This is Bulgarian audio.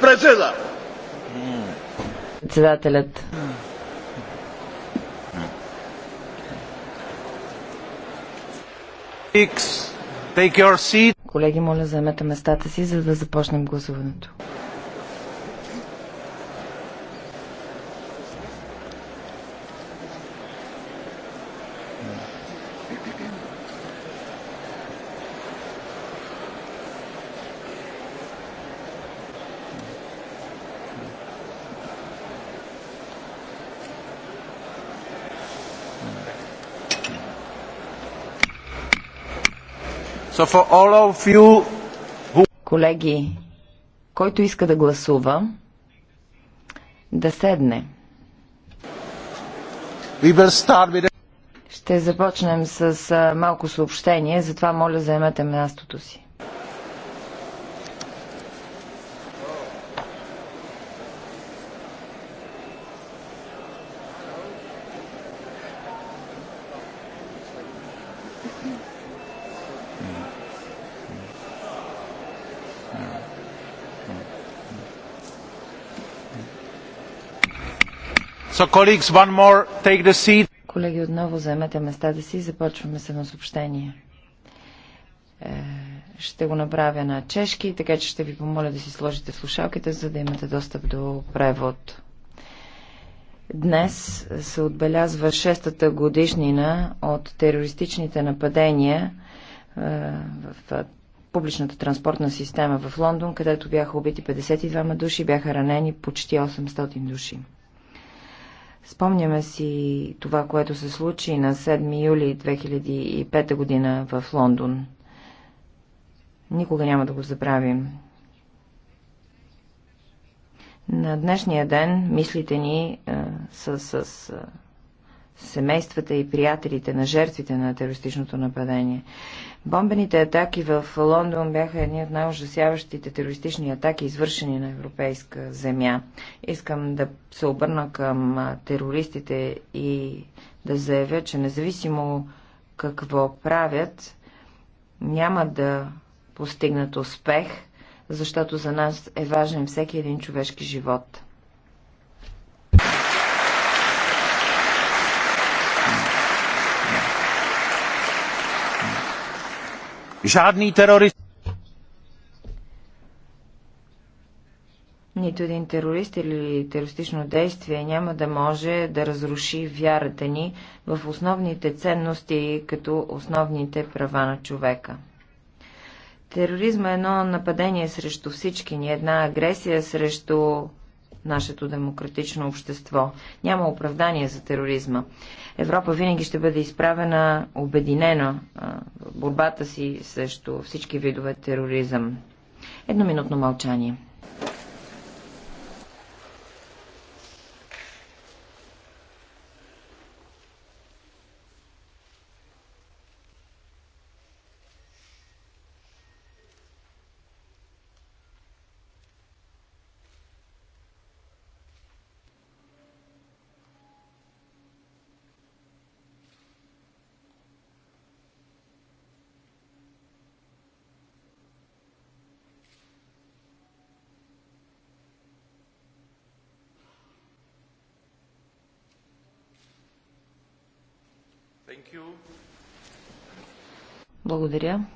Председа. Председателят. Колеги, моля, заемете местата си, за да започнем гласуването. Колеги, който иска да гласува, да седне. Ще започнем с малко съобщение, затова моля заемете мястото си. Thank you. So, Колеги, отново заемете местата си и започваме с едно съобщение. Е, ще го направя на чешки, така че ще ви помоля да си сложите слушалките, за да имате достъп до превод. Днес се отбелязва шестата годишнина от терористичните нападения е, в публичната транспортна система в Лондон, където бяха убити 52 души, бяха ранени почти 800 души. Спомняме си това, което се случи на 7 юли 2005 година в Лондон. Никога няма да го забравим. На днешния ден мислите ни а, са с семействата и приятелите на жертвите на терористичното нападение. Бомбените атаки в Лондон бяха едни от най-ужасяващите терористични атаки, извършени на европейска земя. Искам да се обърна към терористите и да заявя, че независимо какво правят, няма да постигнат успех, защото за нас е важен всеки един човешки живот. Žádný terorist. Нито един терорист или терористично действие няма да може да разруши вярата ни в основните ценности като основните права на човека. Тероризма е едно нападение срещу всички ни, една агресия срещу нашето демократично общество. Няма оправдание за тероризма. Европа винаги ще бъде изправена, обединена в борбата си срещу всички видове тероризъм. Едноминутно мълчание. Благодаря.